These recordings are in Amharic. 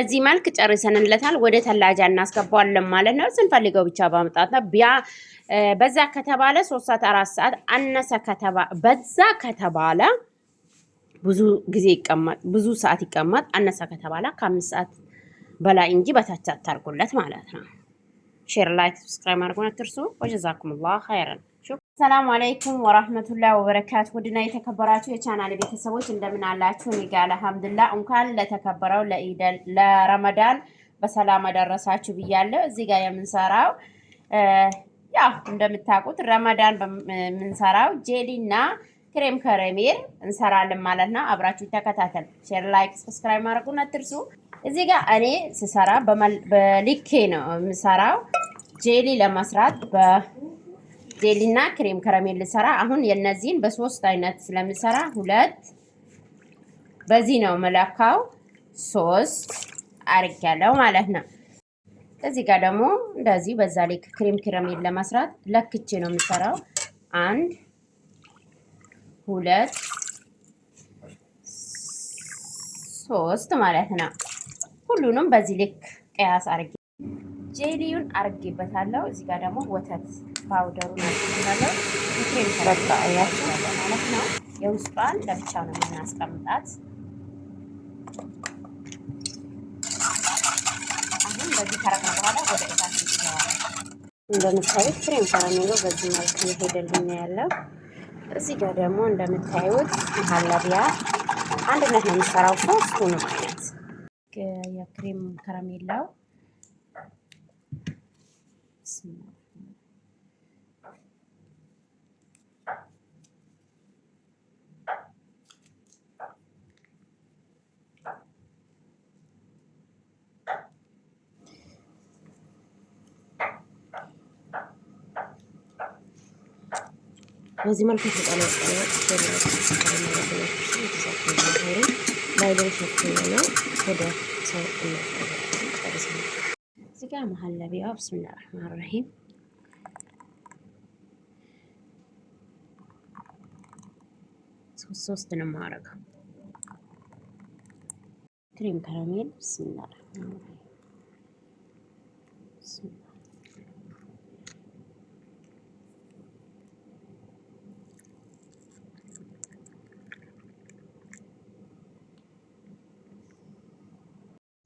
እዚህ መልክ ጨርሰንለታል። ወደ ተላጃ እናስገባዋለን ማለት ነው። ስንፈልገው ብቻ በመጣት ነው። ቢያ በዛ ከተባለ ሶስት ሰዓት አራት ሰዓት አነሰ በዛ ከተባለ ብዙ ጊዜ ይቀመጥ፣ ብዙ ሰዓት ይቀመጥ። አነሰ ከተባለ ከአምስት ሰዓት በላይ እንጂ በታች አታርጉለት ማለት ነው። ሼር ላይክ፣ ሰብስክራይብ አድርጉን አትርሱ። ወጀዛኩም ላሁ ኸይረን ሰላም አለይኩም ወራህመቱላሂ ወበረካቱ። ውድና የተከበራችሁ የቻናል ቤተሰቦች እንደምን አላችሁ? እኔ ጋር አልሐምዱሊላህ። እንኳን ለተከበረው ለረመዳን በሰላም አደረሳችሁ ብያለሁ። እዚህ ጋር የምንሰራው ያው እንደምታውቁት ረመዳን የምንሰራው ጄሊና ክሬም ከረሜል እንሰራለን ማለት ነው። አብራችሁ ተከታተል። ሼር፣ ላይክ፣ ሰብስክራይብ ማድረጉን አትርሱ። እዚህ ጋር እኔ ስሰራ በልኬ ነው የምሰራው ጄሊ ለመስራት ጄሊና ክሬም ከረሜል ልሰራ አሁን የነዚህን በሶስት አይነት ስለምሰራ ሁለት በዚህ ነው መለካው ሶስት አርግ ያለው ማለት ነው። እዚህ ጋር ደግሞ እንደዚህ በዛ ላይ ክሬም ከረሜል ለመስራት ለክቼ ነው የምሰራው። አንድ ሁለት ሶስት ማለት ነው። ሁሉንም በዚህ ልክ ቀያስ አርጌ ጄሊውን አርጌበታለሁ። እዚህ ጋር ደግሞ ወተት ፓውደሩ ማለት ነው። የውስጧን ለብቻ ነው የምናስቀምጣት። አሁን በዚህ በኋላ ወደ እሳት እንደምታዩት ክሬም ከረሜሎ በዚህ መልክ እየሄደልኝ ያለው። እዚህ ጋር ደግሞ እንደምታዩት መሀለቢያ አንድነት ነው የሚሰራው አይነት የክሬም ከረሜላው በዚህ መልኩ እዚህ ጋር መሀል ለቢያው ብስሚላህ ረህማን ረሂም ሶስት ነው የማደርገው። ክሬም ከረሜል ብስሚላህ ረህማን ረሂም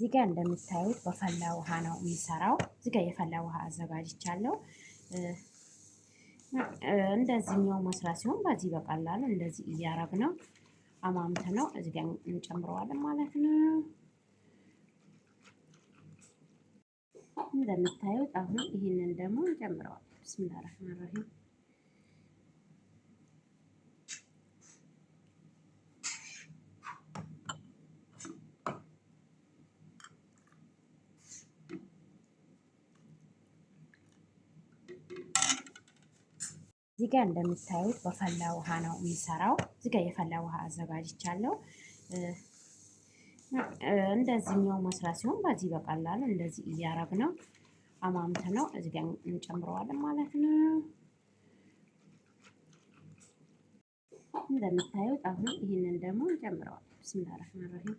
እዚህ ጋር እንደምታዩት በፈላ ውሃ ነው የሚሰራው። እዚህ ጋር የፈላ ውሃ አዘጋጅቻለሁ። እንደዚህኛው መስራት ሲሆን በዚህ በቀላሉ እንደዚህ እያረግ ነው አማምተ ነው እዚህ ጋር እንጨምረዋለን ማለት ነው። እንደምታዩት አሁን ይህንን ደግሞ እንጨምረዋለን። ብስሚላ ረህማን ረሂም እዚህ ጋር እንደምታዩት በፈላ ውሃ ነው የሚሰራው እዚህ ጋር የፈላ ውሃ አዘጋጅቻለሁ። እንደዚህኛው መስራት ሲሆን በዚህ በቀላሉ እንደዚህ እያረግ ነው አማምት ነው እዚህ ጋር እንጨምረዋለን ማለት ነው። እንደምታዩት አሁን ይህንን ደግሞ እንጨምረዋለን። ብስሚላህ ረህማን ረሂም